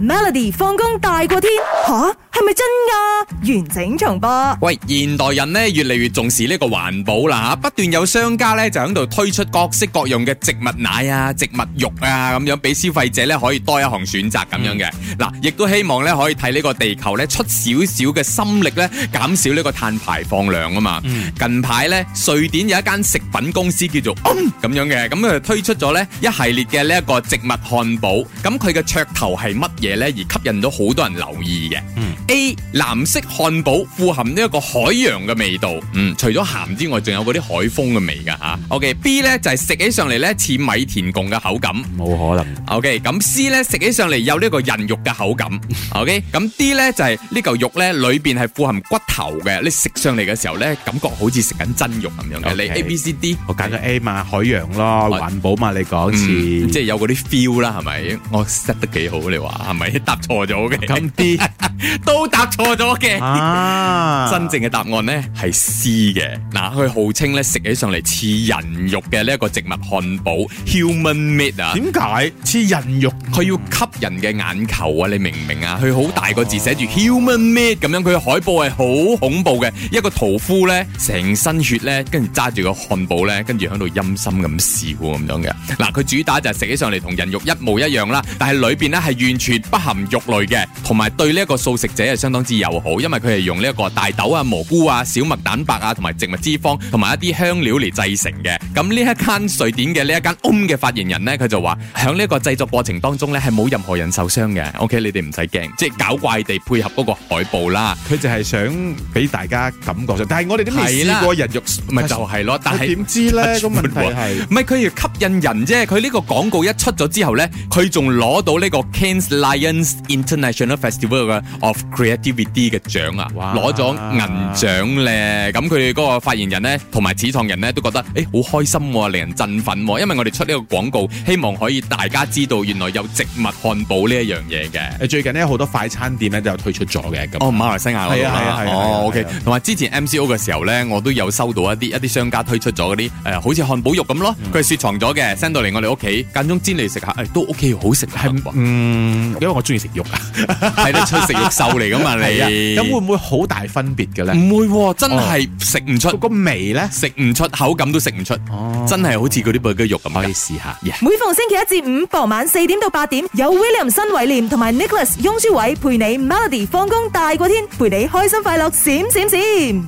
Melody 放工大過天吓，係咪真㗎？完整重播。喂，現代人咧越嚟越重視呢個環保啦吓，不斷有商家咧就喺度推出各式各樣嘅植物奶啊、植物肉啊咁樣，俾消費者咧可以多一行選擇咁樣嘅。嗱，亦都希望咧可以替呢個地球咧出少少嘅心力咧，減少呢個碳排放量啊嘛。近排咧，瑞典有一間食品公司叫做咁樣嘅，咁佢推出咗咧一系列嘅呢一個植物漢堡，咁佢嘅噱頭係乜嘢？嘢咧而吸引到好多人留意嘅、嗯。A 藍色漢堡富含呢一個海洋嘅味道，嗯，除咗咸之外，仲有嗰啲海風嘅味噶吓。O、okay, K B 咧就係、是、食起上嚟咧似米田共嘅口感，冇可能。O K 咁 C 咧食起上嚟有呢個人肉嘅口感。O K 咁 D 咧就係、是、呢嚿肉咧裏邊係富含骨頭嘅，你食上嚟嘅時候咧感覺好似食緊真肉咁樣嘅。你、okay, A B C D，我揀個 A 嘛，海洋咯，環保嘛，你講一次、嗯，即係有嗰啲 feel 啦，係咪？我 set 得幾好你話。是唔係答錯咗嘅，咁啲、啊、都答錯咗嘅。啊真正嘅答案咧係 C 嘅，嗱佢號稱咧食起上嚟似人肉嘅呢一個植物漢堡 human meat 啊？點解似人肉？佢要吸人嘅眼球啊！你明唔明啊？佢好大個字寫住 human meat 咁樣，佢嘅海報係好恐怖嘅，一個屠夫咧成身血咧，跟住揸住個漢堡咧，跟住響度陰森咁笑咁樣嘅。嗱，佢主打就係食起上嚟同人肉一模一樣啦，但係裏邊咧係完全不含肉類嘅，同埋對呢一個素食者係相當之友好，因為佢係用呢一個大豆。啊蘑菇、啊小麥蛋白、啊同埋植物脂肪同埋一啲香料嚟製成嘅。咁呢一間瑞典嘅呢一間 Om 嘅發言人呢，佢就話喺呢個製作過程當中呢，係冇任何人受傷嘅。OK 你哋唔使驚，即係搞怪地配合嗰個海報啦，佢就係想俾大家感覺上，但係我哋都係呢個人肉咪就係咯，但係點知呢個問題係咪佢要吸引人啫？佢呢個廣告一出咗之後呢，佢仲攞到呢個 Kings Lions International Festival of Creativity 嘅獎啊攞咗。銀獎咧，咁佢嗰個發言人咧，同埋始創人咧，都覺得誒好開心，令人振奮。因為我哋出呢個廣告，希望可以大家知道原來有植物漢堡呢一樣嘢嘅。最近咧好多快餐店咧都有推出咗嘅。哦，馬來西亞係啊係啊，哦，OK。同埋之前 MCO 嘅時候咧，我都有收到一啲一啲商家推出咗嗰啲誒，好似漢堡肉咁咯。佢係雪藏咗嘅，send 到嚟我哋屋企，間中煎嚟食下，誒都 OK，好食。係嗯，因為我中意食肉啊，睇得出食肉獸嚟㗎嘛你。咁會唔會好大份？唔會，真係食唔出，哦，食唔出個味咧，食唔出口感都食唔出，哦，真係好似嗰啲 burger 肉咁。可以試下。Yeah. 每逢星期一至五傍晚四點到八點，有 William 新偉廉同埋 Nicholas 雍舒偉陪你 Melody 放工大過天，陪你開心快樂閃閃閃。閃閃閃